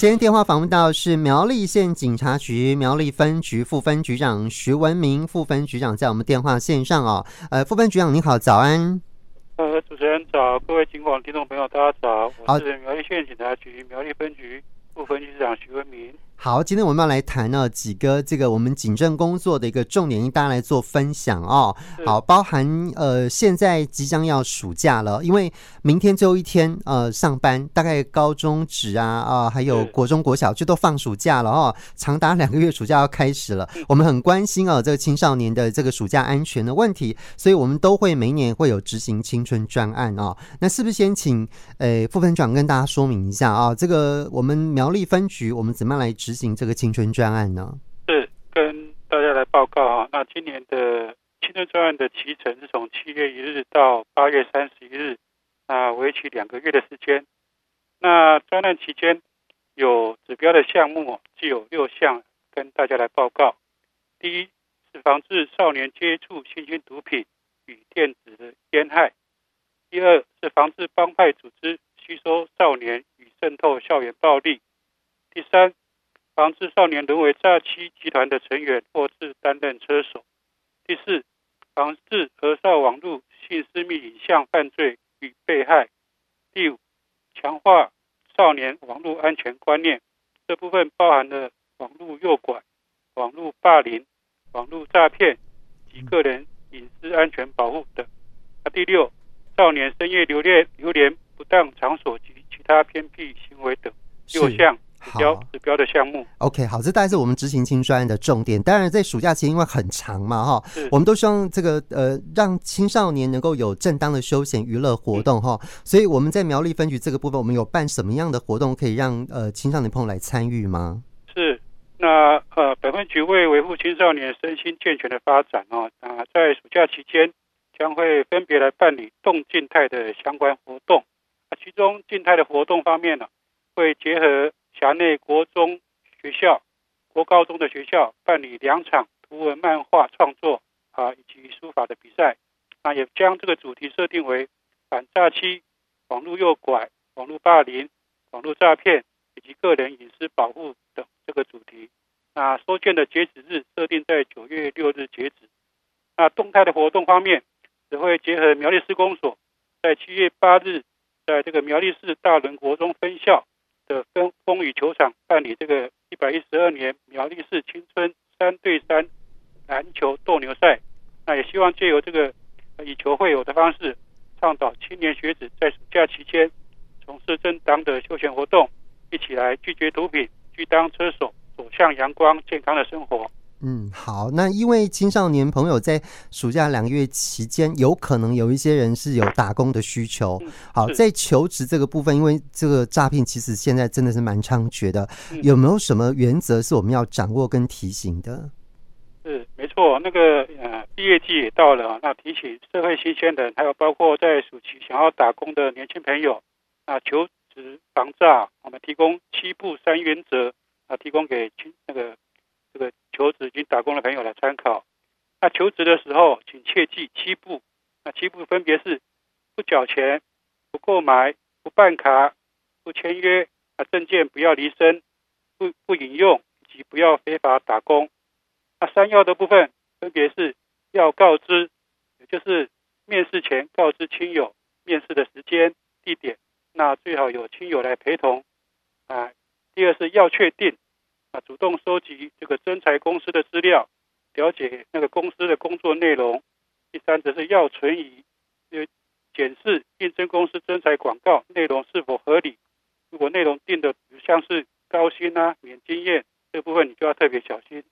今天電話訪問到是苗栗縣警察局苗栗分局副分局長徐文明，副分局長在我們電話線上哦。呃，副分局長你好，早安。呃，主持人早，各位警廣聽眾朋友大家早，我是苗栗縣警察局苗栗分局副分局長徐文明。好，今天我們要來談呢、啊、幾個這個我們警政工作的一個重點，跟大家來做分享哦。好，包含呃現在即將要暑假了，因為明天最後一天呃上班，大概高中職啊啊，還有國中國小就都放暑假了哦。長達兩個月暑假要開始了，我們很關心哦、啊、這個青少年的這個暑假安全的問題，所以我們都會每年會有執行青春專案哦，那是不是先請呃副分局長跟大家說明一下啊？這個我們苗栗分局我們怎麼樣來執執行這個青春專案呢？是跟大家來報告啊。那今年的青春專案的期程是從七月一日到八月三十一日，那為期兩個月的時間。那專案期間有指標的項目，就有六項跟大家來報告。第一是防制少年接觸新興毒品與電子的菸害；第二是防制幫派組織吸收少年與滲透校園暴力；第三。防制少年淪為詐欺集團的成員，或是擔任車手。第四，防制兒少網絡性私密影像犯罪與被害。第五，強化少年網絡安全觀念。這部分包含了網絡誘拐、網絡霸凌、網絡詐騙及個人隱私安全保護等。啊、第六，少年深夜留連、留連不當場所及其他偏差行為等六項。指標好指標的項目，OK，好，這大概是我們執行青春專案的重點。當然，在暑假期間，因為很長嘛，哈是，我們都希望這個呃，讓青少年能夠有正當的休閒娛樂活動，哈、嗯。所以我們在苗栗分局這個部分，我們有辦什麼樣的活動可以讓呃青少年朋友來參與嗎？是，那呃，本分局為維護青少年身心健全的發展哦，那、呃、在暑假期間將會分別來辦理動靜態的相關活動。那其中靜態的活動方面呢、啊，會結合。轄內國中學校、國高中的學校辦理兩場圖文漫畫創作啊，以及書法的比賽，那也將這個主題設定為反詐欺、網絡誘拐、網絡霸凌、網絡詐騙以及個人隱私保護等這個主題。那收件的截止日設定在九月六日截止。那動態的活動方面，也會結合苗栗市公所在七月八日，在這個苗栗市大倫國中分校。的風風雨球場辦理這個一百一十二年苗栗市青春三對三籃球鬥牛賽，那也希望借由這個以球會友的方式，倡導青年學子在暑假期間從事正當的休閒活動，一起來拒絕毒品，拒當車手，走向陽光健康的生活。嗯，好，那因為青少年朋友在暑假兩個月期間，有可能有一些人是有打工的需求。好，是在求職這個部分，因為這個詐騙其實現在真的是蠻猖獗的，有沒有什麼原則是我們要掌握跟提醒的？是，沒錯，那個呃，畢業季也到了，那提醒社會新鮮人，還有包括在暑期想要打工的年輕朋友啊，那求職防詐，我們提供七不三原則啊、呃，提供給那個。這個求職及打工的朋友來參考。那求職的時候，請切記七不。那七不分別是：不繳錢、不購買、不辦卡、不簽約。啊，證件不要離身，不不飲用，以及不要非法打工。那三要的部分分別是：要告知，也就是面試前告知親友面試的時間地點。那最好有親友來陪同。啊，第二是要確定。啊，主動收集這個徵才公司的資料，了解那個公司的工作內容。第三則是要存疑，因檢視應徵公司徵才廣告內容是否合理。如果內容定的像是高薪啊、免經驗這部分，你就要特別小心。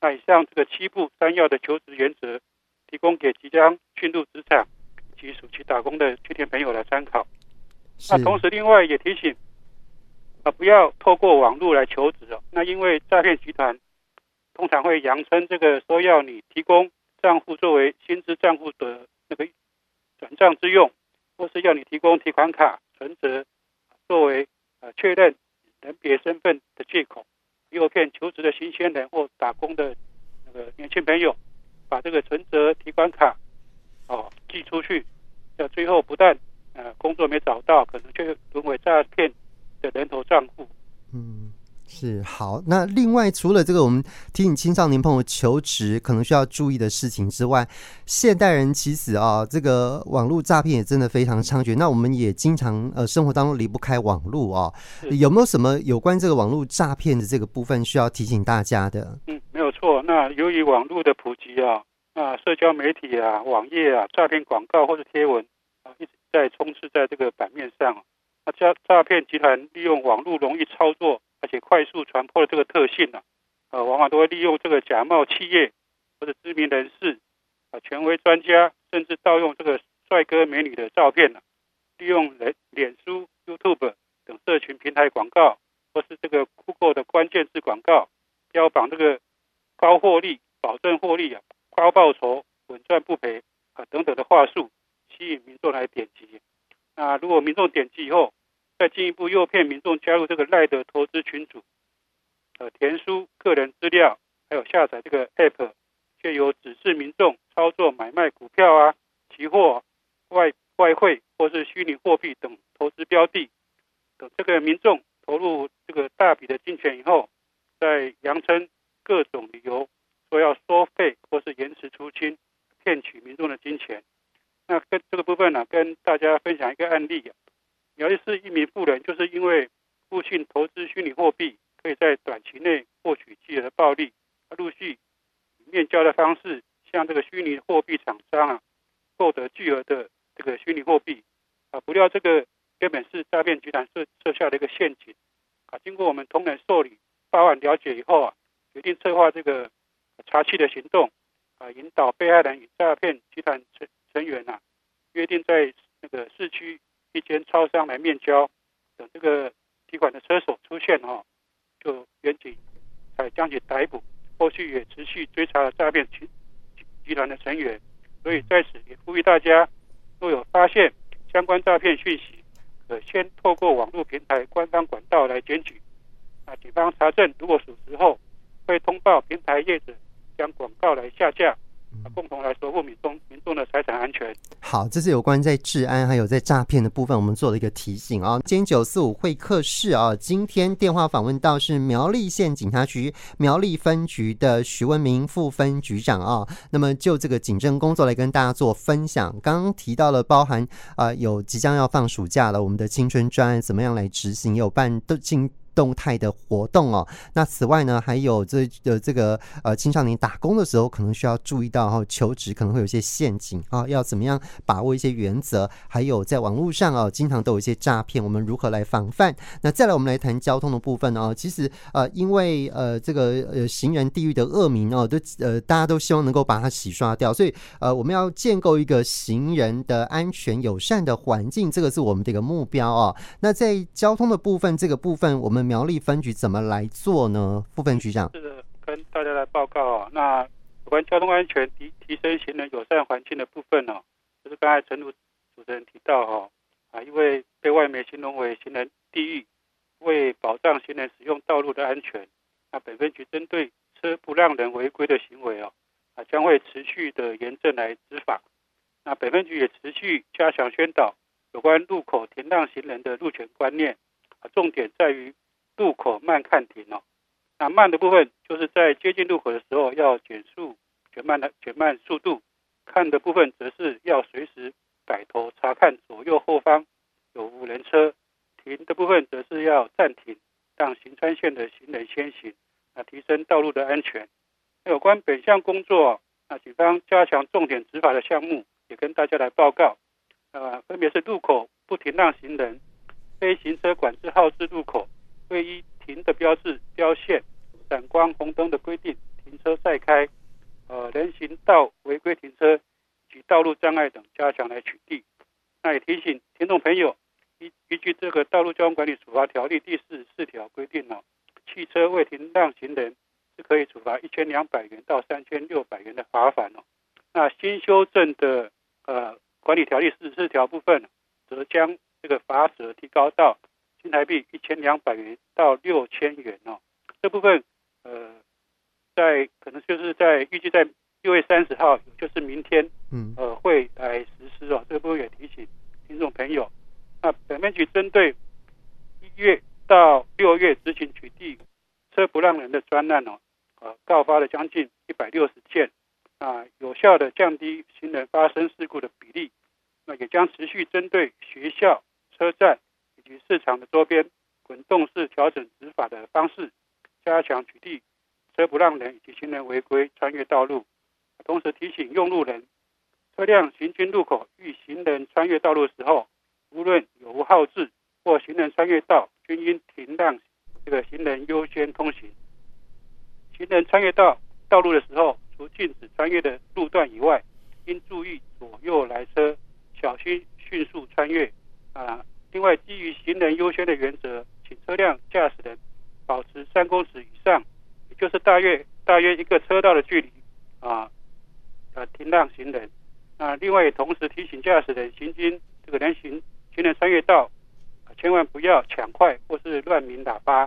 那以上這個七不三要的求職原則，提供給即將進入職場及暑期打工的青年朋友來參考。是那同時，另外也提醒。啊，不要透過網絡來求職哦。那因為詐騙集團通常會佯稱這個說要你提供賬戶作為薪資賬戶的那個轉賬之用，或是要你提供提款卡、存摺作為呃確認人別身份的借口，誘騙求職的新鮮人或打工的那個年輕朋友把這個存摺、提款卡哦寄出去，到最後不但呃工作沒找到，可能卻淪為詐騙。人頭賬戶，嗯，是好。那另外，除了這個，我們提醒青少年朋友求職可能需要注意的事情之外，現代人其實啊、哦，這個網絡詐騙也真的非常猖獗。那我們也經常呃，生活當中離不開網絡啊、哦，是有沒有什麼有關這個網絡詐騙的這個部分需要提醒大家的？嗯，沒有錯。那由於網絡的普及啊啊，社交媒體啊、網頁啊、詐騙廣告或者貼文啊，一直在充斥在這個版面上。那詐詐騙集團利用網絡容易操作，而且快速傳播的這個特性呢、啊，呃、啊，往往都會利用這個假冒企業或者知名人士、啊權威專家，甚至盜用這個帥哥美女的照片呢、啊，利用臉臉書、YouTube 等社群平台廣告，或是這個 Google 的關鍵字廣告，標榜這個高獲利、保證獲利啊、高報酬、穩賺不賠啊等等的話術，吸引民眾來點擊。那如果民眾點擊以後，再進一步誘騙民眾加入這個 LINE 的投資群組，呃，填輸、個人資料，還有下載這個 App，藉由指示民眾操作買賣股票啊、期貨、外外匯或是虛擬貨幣等投資標的，等、呃、這個民眾。案例啊，苗栗市一名婦人就是因為誤信投資虛擬貨幣，可以在短期內獲取巨額暴利，他陸續以面交的方式向這個虛擬貨幣幣商啊，購得巨額的這個虛擬貨幣啊，不料這個根本是詐騙集團設設下的一個陷阱啊。經過我們同仁受理報案了解以後啊，決定策劃這個查緝的行動啊，引導被害人與詐騙集團成成員啊，約定在那個市區。先超商來面交，等這個提款的車手出現哈，就員警才將其逮捕，後續也持續追查了詐騙集團的成員，所以在此也呼籲大家，若有發現相關詐騙訊息，可先透過網絡平台官方管道來檢舉。那警方查證如果屬實後，會通報平台業主，將廣告來下架。共同來守護民眾民眾的財產安全。好，這是有關在治安還有在詐騙的部分，我們做了一個提醒啊、哦。今天九四五會客室啊、哦，今天電話訪問到是苗栗縣警察局苗栗分局的徐文明副分局長啊、哦。那麼就這個警政工作來跟大家做分享。剛剛提到了，包含啊、呃、有即將要放暑假了，我們的青春專案怎麼樣來執行？有辦都警。動態的活動哦，那此外呢，還有這呃這個呃青少年打工的時候，可能需要注意到哦，求職可能會有一些陷阱啊、哦，要怎麼樣把握一些原則，還有在網絡上哦，經常都有一些詐騙，我們如何來防範？那再來我們來談交通的部分哦，其實呃因為呃這個呃行人地獄的惡名哦，都呃大家都希望能夠把它洗刷掉，所以呃我們要建構一個行人的安全友善的環境，這個是我們的一個目標哦。那在交通的部分這個部分我們。苗栗分局怎麼來做呢？副分局長是的，跟大家來報告啊、哦。那有關交通安全提提升行人友善環境的部分呢、哦，就是剛才陳主主持人提到哈、哦、啊，因為被外媒形容為行人地獄，為保障行人使用道路的安全，那本分局針對車不讓人違規的行為哦啊，將會持續的嚴正來執法。那本分局也持續加強宣導有關路口停讓行人的路權觀念啊，重點在於。路口慢看停哦，那慢的部分就是在接近路口的時候要減速、減慢的、減慢速度；看的部分則是要隨時擺頭查看左右後方有無人車；停的部分則是要暫停，讓行穿線的行人先行，啊、呃，提升道路的安全。有關本項工作、哦，那警方加強重點執法的項目也跟大家來報告，呃，分別是路口不停讓行人、非行車管制號誌路口，未依停的標誌標線、閃光紅燈的規定停車再開，呃，人行道違規停車及道路障礙等加強來取締。那也提醒聽眾朋友，依依據這個《道路交通管理處罰條例》第四十四條規定，哦，汽車未停讓行人是可以處罰一千兩百元到三千六百元的罰款哦。那新修正的呃管理條例四十四條部分，則將這個罰則提高到。新台幣一千兩百元到六千元哦，這部分呃，在可能就是在預計在六月三十號，也就是明天，嗯，呃，會來實施哦。這部分也提醒聽眾朋友，那本分局針對一月到六月執行取締車不讓人的專案哦，呃，告發了將近一百六十件，啊、呃，有效的降低行人發生事故的比例，那也將持續針對學校車站。.市場的周邊，滾動式調整執法的方式，加強取締車不讓人以及行人違規穿越道路。同時提醒用路人，車輛行經路口遇行人穿越道路的時候，無論有無號志或行人穿越道，均應停讓這個行人優先通行。行人穿越道道路的時候，除禁止穿越的路段以外，應注意左右來車，小心迅速穿越。啊、呃。另外，基於行人優先的原則，請車輛駕駛人保持三公尺以上，也就是大約大約一個車道的距離啊，呃、啊，停讓行人。那、啊、另外，也同時提醒駕駛人，人行經這個人行行人穿越道，啊、千萬不要搶快或是亂鳴喇叭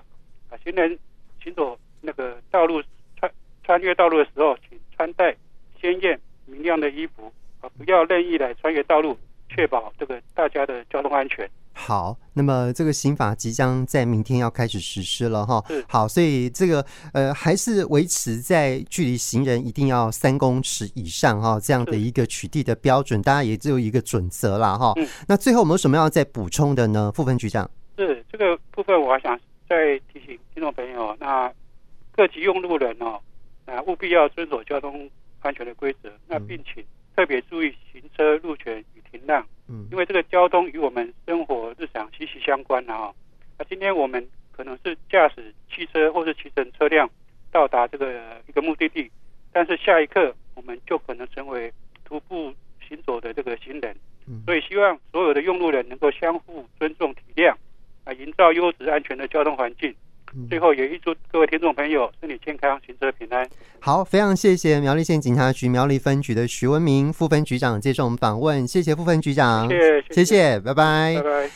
啊。行人行走那個道路穿穿越道路的時候，請穿戴鮮豔明亮的衣服啊，不要任意來穿越道路，確保這個大家的交通安全。好，那麼這個刑法即將在明天要開始實施了哈。是好，所以這個呃，還是維持在距離行人一定要三公尺以上哈這樣的一個取締的標準，大家是也只有一個準則了哈。嗯。那最後我們有什麼要再補充的呢，副分局長？是這個部分，我還想再提醒聽眾朋友，那各級用路人哦，啊，務必要遵守交通安全的規則，那並且特別注意行車路權與停讓。嗯嗯，因為這個交通與我們生活日常息息相關了啊，啊。那今天我們可能是駕駛汽車或是騎乘車輛到達這個一個目的地，但是下一刻我們就可能成為徒步行走的這個行人。所以希望所有的用路人能夠相互尊重體諒，啊，營造優質安全的交通環境。最後也預祝各位聽眾朋友身體健康，行車平安。好，非常謝謝苗栗縣警察局苗栗分局的徐文明副分局長接受我們訪問，謝謝副分局長，謝謝，謝謝，拜拜，拜拜。